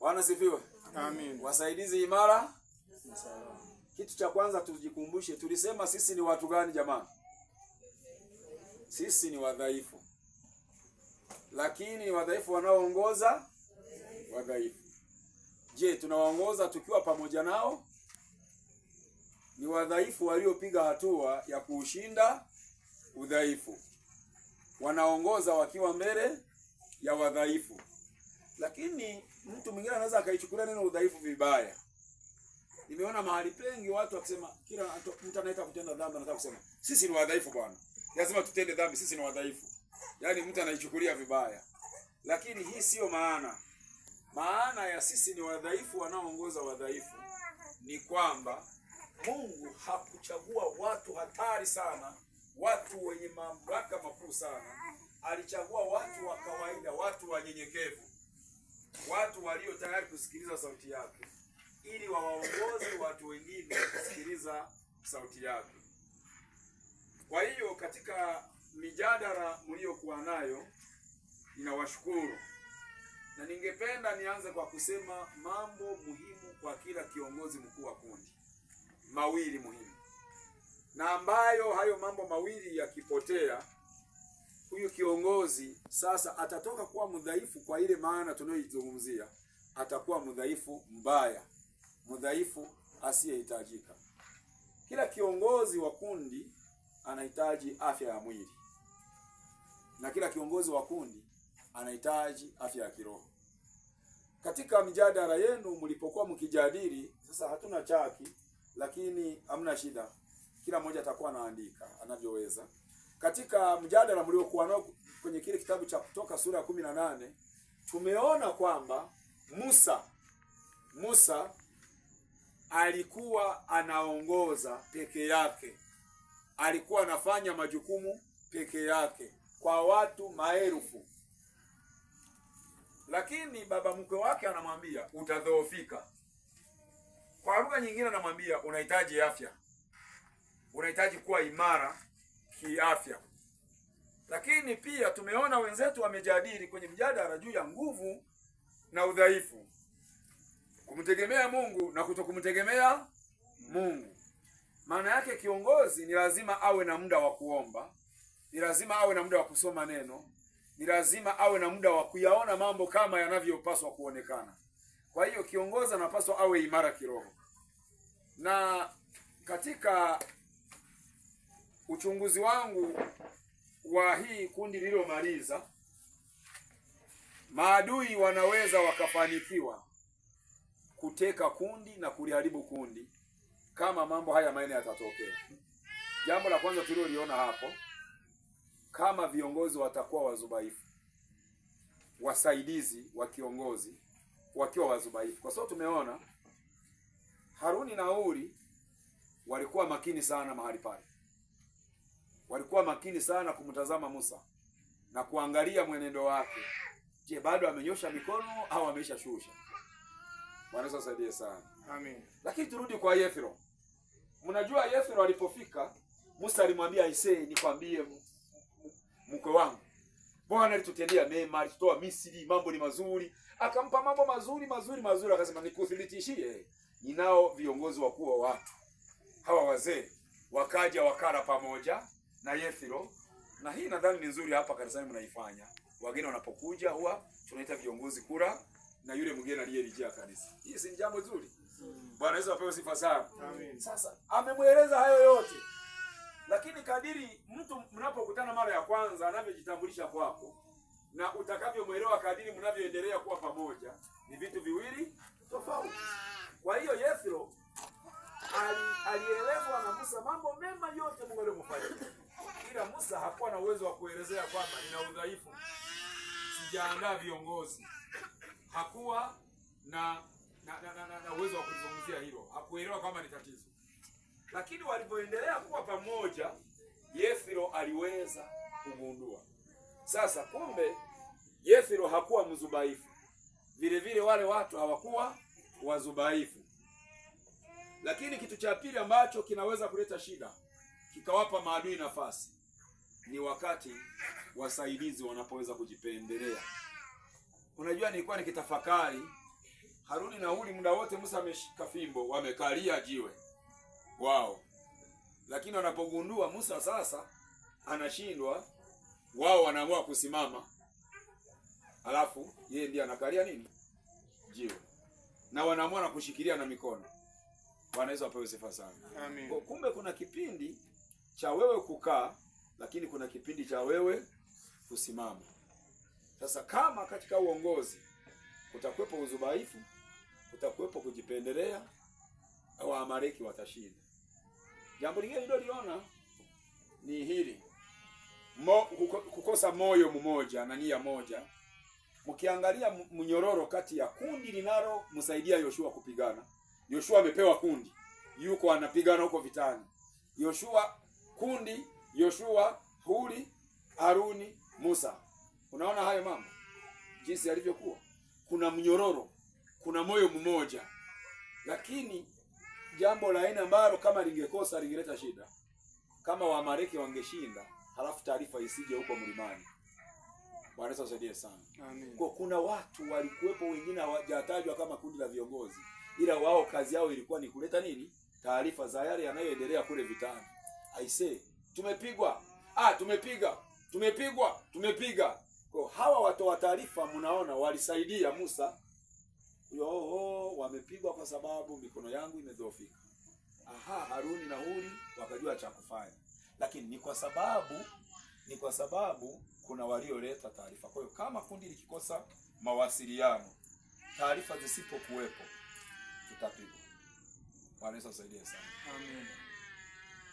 Bwana sifiwe. Amen. Wasaidizi imara. Kitu cha kwanza tujikumbushe, tulisema sisi ni watu gani jamani? Sisi ni wadhaifu, lakini wadhaifu wanaoongoza wadhaifu. Je, tunawaongoza tukiwa pamoja nao? Ni wadhaifu waliopiga hatua ya kuushinda udhaifu, wanaongoza wakiwa mbele ya wadhaifu. Lakini mtu mwingine anaweza akaichukulia neno udhaifu vibaya. Nimeona mahali pengi watu wakisema, kila mtu anaita kutenda dhambi, anataka kusema sisi ni wadhaifu bwana, lazima tutende dhambi, sisi ni wadhaifu. Yaani mtu anaichukulia vibaya, lakini hii siyo maana. Maana ya sisi ni wadhaifu, wanaoongoza wadhaifu ni kwamba Mungu hakuchagua watu hatari sana, watu wenye mamlaka makuu sana. Alichagua watu wa kawaida, watu wanyenyekevu watu walio tayari kusikiliza sauti yake, ili wawaongoze watu wengine kusikiliza sauti yake. Kwa hiyo katika mijadala mliyokuwa nayo, ninawashukuru na ningependa nianze kwa kusema mambo muhimu kwa kila kiongozi mkuu wa kundi, mawili muhimu, na ambayo hayo mambo mawili yakipotea huyu kiongozi sasa atatoka kuwa mdhaifu kwa ile maana tunayoizungumzia, atakuwa mdhaifu mbaya, mdhaifu asiyehitajika. Kila kiongozi wa kundi anahitaji afya ya mwili na kila kiongozi wa kundi anahitaji afya ya kiroho. Katika mjadala yenu mlipokuwa mkijadili, sasa hatuna chaki, lakini hamna shida, kila mmoja atakuwa anaandika anavyoweza katika mjadala mliokuwa nao kwenye kile kitabu cha Kutoka sura ya kumi na nane tumeona kwamba Musa Musa alikuwa anaongoza peke yake, alikuwa anafanya majukumu peke yake kwa watu maelfu, lakini baba mkwe wake anamwambia utadhoofika. Kwa lugha nyingine, anamwambia unahitaji afya, unahitaji kuwa imara kiafya. Lakini pia tumeona wenzetu wamejadili kwenye mjadala juu ya nguvu na udhaifu, kumtegemea Mungu na kutokumtegemea Mungu. Maana yake kiongozi ni lazima awe na muda wa kuomba, ni lazima awe na muda wa kusoma neno, ni lazima awe na muda wa kuyaona mambo kama yanavyopaswa kuonekana. Kwa hiyo kiongozi anapaswa awe imara kiroho na katika uchunguzi wangu wa hii kundi lililomaliza, maadui wanaweza wakafanikiwa kuteka kundi na kuliharibu kundi kama mambo haya manne yatatokea. Jambo la kwanza tuliloliona hapo, kama viongozi watakuwa wazubaifu, wasaidizi wa kiongozi wakiwa wazubaifu, kwa sababu tumeona Haruni na Uri walikuwa makini sana mahali pale walikuwa makini sana kumtazama Musa na kuangalia mwenendo wake. Je, bado amenyosha mikono au shusha? Bwana asaidie sana. Amen. Lakini turudi kwa Yethro. Mnajua Yethro alipofika, Musa alimwambia Isee, nikwambie mkwe wangu Bwana alitutendea mema, alitutoa Misri, mambo ni mazuri, akampa mambo mazuri mazuri mazuri. Akasema nikuthibitishie, ninao viongozi wakuu wa watu hawa, wazee wakaja wakala pamoja na Yethiro, na hii nadhani ni nzuri, hapa kanisani mnaifanya. Wageni wanapokuja huwa tunaita viongozi kura na yule mgeni aliyelijia kanisa. Hii si jambo zuri. Mm. Bwana Yesu apewe sifa sana. Amen. Sasa amemweleza hayo yote. Lakini kadiri mtu mnapokutana mara ya kwanza anavyojitambulisha kwako na utakavyomwelewa kadiri mnavyoendelea kuwa pamoja ni vitu viwili tofauti. Kwa hiyo Yethro alielezwa na Musa mambo mema yote Mungu aliyomfanyia. Sasa hakuwa na uwezo wa kuelezea kwamba nina udhaifu, sijaandaa viongozi. Hakuwa na na, na, na, na uwezo wa kuzungumzia hilo, hakuelewa kama ni tatizo. Lakini walipoendelea kuwa pamoja, Yethiro aliweza kugundua sasa, kumbe Yethiro hakuwa mzubaifu, vile vile wale watu hawakuwa wazubaifu. Lakini kitu cha pili ambacho kinaweza kuleta shida, kikawapa maadui nafasi ni wakati wasaidizi wanapoweza kujipendelea. Unajua, nilikuwa nikitafakari Haruni na Huri, muda wote Musa ameshika fimbo, wamekalia jiwe wao, lakini wanapogundua Musa sasa anashindwa, wao wanaamua kusimama, alafu yeye ndiye anakalia nini jiwe, na wanaamua na kushikilia na mikono. Bwana Yesu apewe sifa sana. Amen. Kumbe kuna kipindi cha wewe kukaa lakini kuna kipindi cha wewe kusimama. Sasa kama katika uongozi kutakuwepo uzubaifu kutakuwepo kujipendelea, Waamaleki watashinda. Jambo lingine nililoliona ni hili Mo, kukosa moyo mmoja na nia moja. Mkiangalia mnyororo kati ya kundi linalo msaidia Yoshua kupigana, Yoshua amepewa kundi, yuko anapigana huko vitani. Yoshua kundi Yoshua, Huri, Haruni, Musa. Unaona hayo mambo jinsi yalivyokuwa, kuna mnyororo, kuna moyo mmoja, lakini jambo la aina ambalo kama lingekosa lingeleta shida, kama Waamaleki wangeshinda halafu taarifa isije huko mlimani. Bwana Yesu asaidie sana. Amen. Kwa kuna watu walikuwepo, wengine hawajatajwa kama kundi la viongozi, ila wao kazi yao ilikuwa ni kuleta nini, taarifa za yale yanayoendelea kule vitani. say, tumepigwa, ah, tumepiga, tumepigwa, tumepiga. Kwa hawa watoa taarifa, mnaona walisaidia Musa yoho, wamepigwa kwa sababu mikono yangu imedhoofika. Aha, Haruni na Huri wakajua cha kufanya, lakini ni kwa sababu ni kwa sababu kuna walioleta taarifa. Kwa hiyo kama kundi likikosa mawasiliano, taarifa zisipokuwepo, tutapigwa. Bwana Yesu asaidie sana, amen.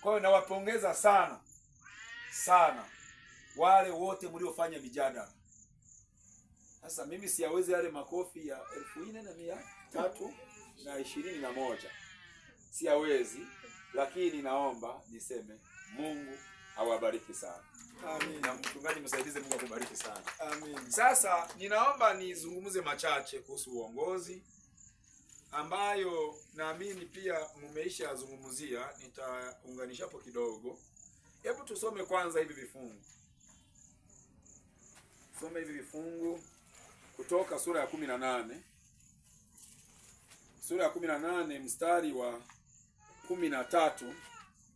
Kwa hiyo nawapongeza sana sana wale wote mliofanya mijadala. Sasa mimi siyawezi yale makofi ya elfu nne na mia tatu na ishirini na moja siyawezi, lakini naomba niseme Mungu awabariki sana. Amin. Na mchungaji msaidize, Mungu akubariki sana. Amin. Sasa ninaomba nizungumze machache kuhusu uongozi ambayo naamini pia mmeisha yazungumzia, nitaunganisha hapo kidogo. Hebu tusome kwanza hivi vifungu, tusome hivi vifungu kutoka sura ya kumi na nane sura ya kumi na nane mstari wa kumi na tatu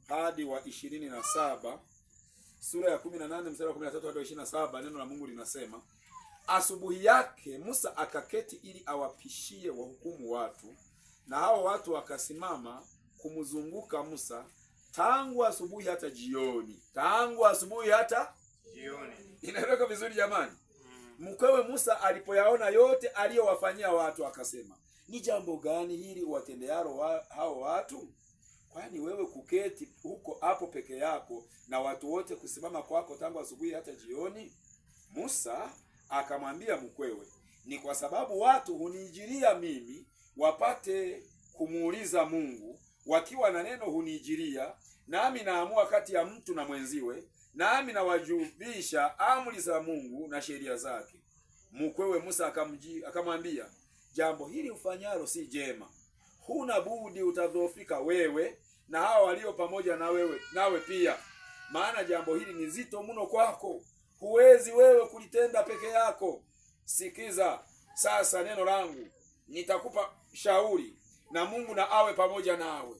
hadi wa ishirini na saba sura ya kumi na nane mstari wa kumi na tatu hadi wa ishirini na saba Neno la Mungu linasema Asubuhi yake Musa akaketi ili awapishie wahukumu watu, na hao watu wakasimama kumzunguka Musa tangu asubuhi hata jioni, tangu asubuhi hata jioni. Inaeleweka vizuri jamani? Mm. Mkwewe Musa alipoyaona yote aliyowafanyia watu akasema, ni jambo gani hili watendearo wa hao watu? Kwani wewe kuketi huko hapo peke yako na watu wote kusimama kwako tangu asubuhi hata jioni? Musa Akamwambia mkwewe, ni kwa sababu watu huniijilia mimi wapate kumuuliza Mungu, wakiwa na neno huniijilia, nami naamua kati ya mtu na mwenziwe, nami nawajubisha amri za Mungu na sheria zake. Mkwewe Musa akamji akamwambia, jambo hili ufanyalo si jema, huna budi utadhoofika wewe na hao walio pamoja na wewe nawe pia, maana jambo hili ni zito mno kwako huwezi wewe kulitenda peke yako. Sikiza sasa neno langu, nitakupa shauri na Mungu na awe pamoja nawe,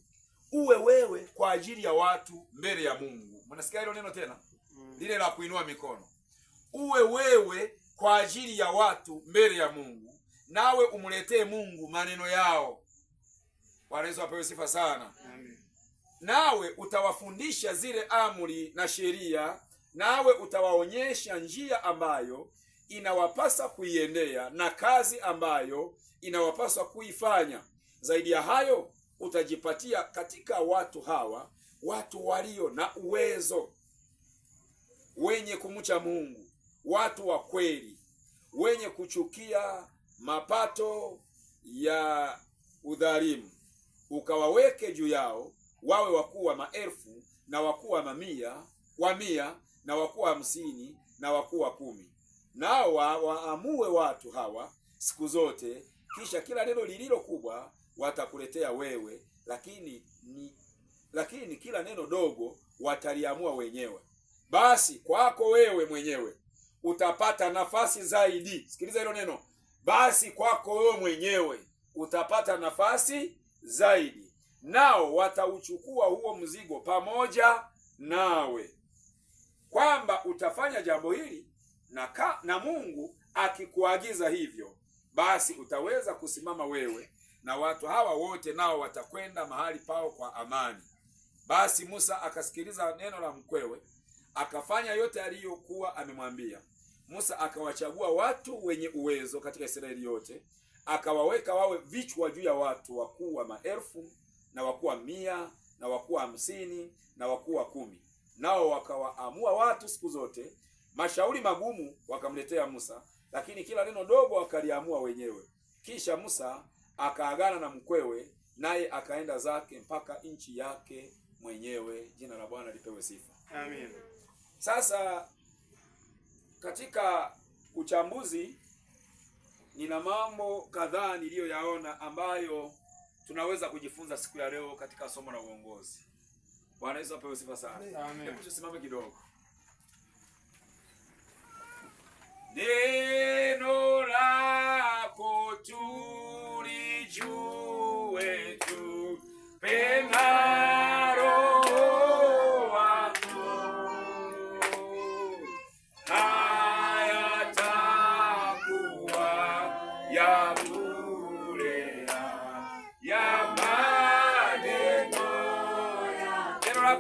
uwe wewe kwa ajili ya watu mbele ya Mungu. Mnasikia hilo neno tena, mm. lile la kuinua mikono, uwe wewe kwa ajili ya watu mbele ya Mungu, nawe umletee Mungu maneno yao. Bwana Yesu apewe sifa sana. Amen. Nawe utawafundisha zile amri na sheria nawe utawaonyesha njia ambayo inawapasa kuiendea na kazi ambayo inawapaswa kuifanya. Zaidi ya hayo, utajipatia katika watu hawa watu walio na uwezo, wenye kumcha Mungu, watu wa kweli, wenye kuchukia mapato ya udhalimu, ukawaweke juu yao wawe wakuu wa maelfu na wakuu wa mamia wa mia na wakuu hamsini na wakuu wa kumi, nao waamue watu hawa siku zote. Kisha kila neno lililo kubwa watakuletea wewe, lakini ni lakini kila neno dogo wataliamua wenyewe. Basi kwako wewe mwenyewe utapata nafasi zaidi. Sikiliza hilo neno, basi kwako wewe mwenyewe utapata nafasi zaidi, nao watauchukua huo mzigo pamoja nawe kwamba utafanya jambo hili na, ka, na Mungu akikuagiza hivyo, basi utaweza kusimama wewe na watu hawa wote, nao watakwenda mahali pao kwa amani. Basi Musa akasikiliza neno la mkwewe, akafanya yote aliyokuwa amemwambia. Musa akawachagua watu wenye uwezo katika Israeli yote, akawaweka wawe vichwa juu ya watu, wakuu wa maelfu na wakuu wa mia na wakuu wa hamsini na wakuu wa kumi nao wakawaamua watu siku zote, mashauri magumu wakamletea Musa, lakini kila neno dogo wakaliamua wenyewe. Kisha Musa akaagana na mkwewe, naye akaenda zake mpaka nchi yake mwenyewe. Jina la Bwana lipewe sifa, amen. Sasa katika uchambuzi nina mambo kadhaa niliyoyaona ambayo tunaweza kujifunza siku ya leo katika somo la uongozi. Bwana Yesu apewe sifa sana. Amen. Hebu tusimame kidogo. Neno lako tulijue tu pema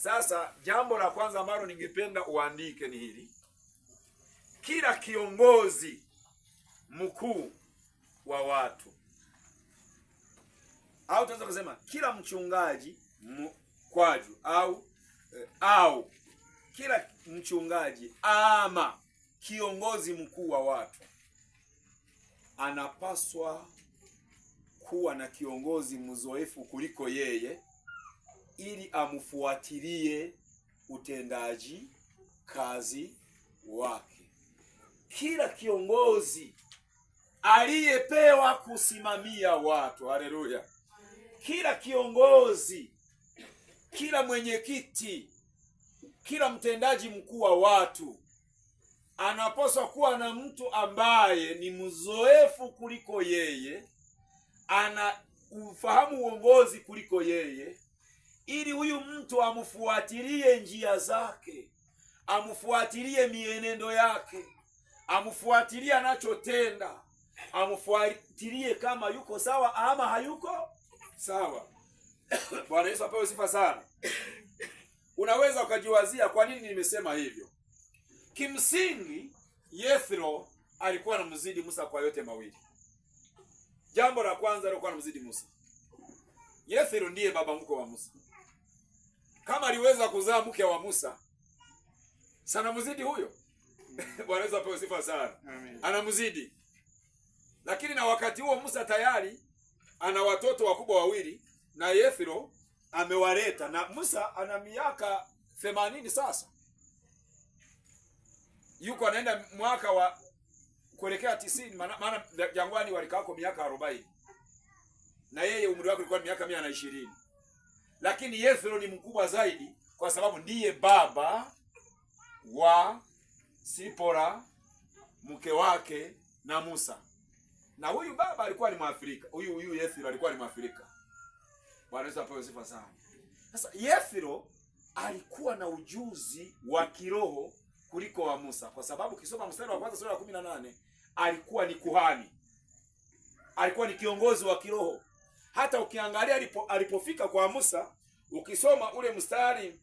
Sasa jambo la kwanza ambalo ningependa uandike ni hili: kila kiongozi mkuu wa watu, au tunaweza kusema kila mchungaji mkwaju, au eh, au kila mchungaji ama kiongozi mkuu wa watu anapaswa kuwa na kiongozi mzoefu kuliko yeye ili amfuatilie utendaji kazi wake. Kila kiongozi aliyepewa kusimamia watu, haleluya! Kila kiongozi, kila mwenyekiti, kila mtendaji mkuu wa watu anapaswa kuwa na mtu ambaye ni mzoefu kuliko yeye, ana ufahamu uongozi kuliko yeye ili huyu mtu amfuatilie njia zake, amfuatilie mienendo yake, amfuatilie anachotenda, amfuatilie kama yuko sawa ama hayuko sawa. Bwana Yesu apewe sifa sana. Unaweza ukajiwazia kwa nini nimesema hivyo. Kimsingi, Yethro alikuwa anamzidi Musa kwa yote mawili. Jambo la kwanza alikuwa anamzidi Musa. Yethro ndiye baba mkwe wa Musa. Kama aliweza kuzaa mke wa Musa, sanamzidi huyo mm. Bwana Yesu apewe sifa sana, anamzidi. Lakini na wakati huo Musa tayari ana watoto wakubwa wawili, na Yethro amewaleta, na Musa ana miaka themanini sasa, yuko anaenda mwaka wa kuelekea tisini, maana jangwani walikako miaka arobaini na yeye umri wake ulikuwa miaka mia na ishirini lakini Yethro ni mkubwa zaidi kwa sababu ndiye baba wa Sipora mke wake na Musa. Na huyu baba alikuwa ni Mwafrika. Huyu huyu Yethro alikuwa ni Mwafrika. Bwana Yesu apewe sifa sana. Sasa yethiro alikuwa na ujuzi wa kiroho kuliko wa Musa kwa sababu kisoma mstari wa kwanza sura ya 18 alikuwa ni kuhani. Alikuwa ni kiongozi wa kiroho. Hata ukiangalia alipo, alipofika kwa Musa, ukisoma ule mstari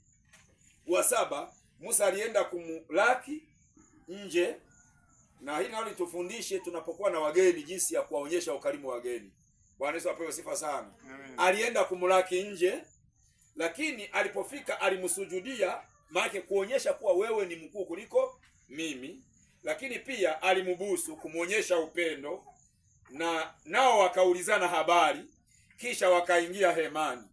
wa saba, Musa alienda kumlaki nje, na hili nalo litufundishe tunapokuwa na wageni, jinsi ya kuwaonyesha ukarimu wageni. Bwana Yesu apewe sifa sana. Amen. Alienda kumlaki nje, lakini alipofika alimsujudia, maana kuonyesha kuwa wewe ni mkuu kuliko mimi, lakini pia alimbusu kumwonyesha upendo, na nao wakaulizana habari kisha wakaingia hemani.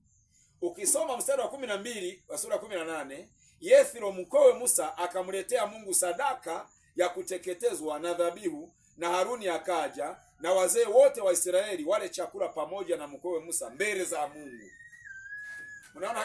Ukisoma mstari wa kumi na mbili wa sura kumi na nane Yethiro mkowe Musa akamletea Mungu sadaka ya kuteketezwa na dhabihu, na Haruni akaja na wazee wote wa Israeli wale chakula pamoja na mkowe Musa mbele za Mungu. Unaona?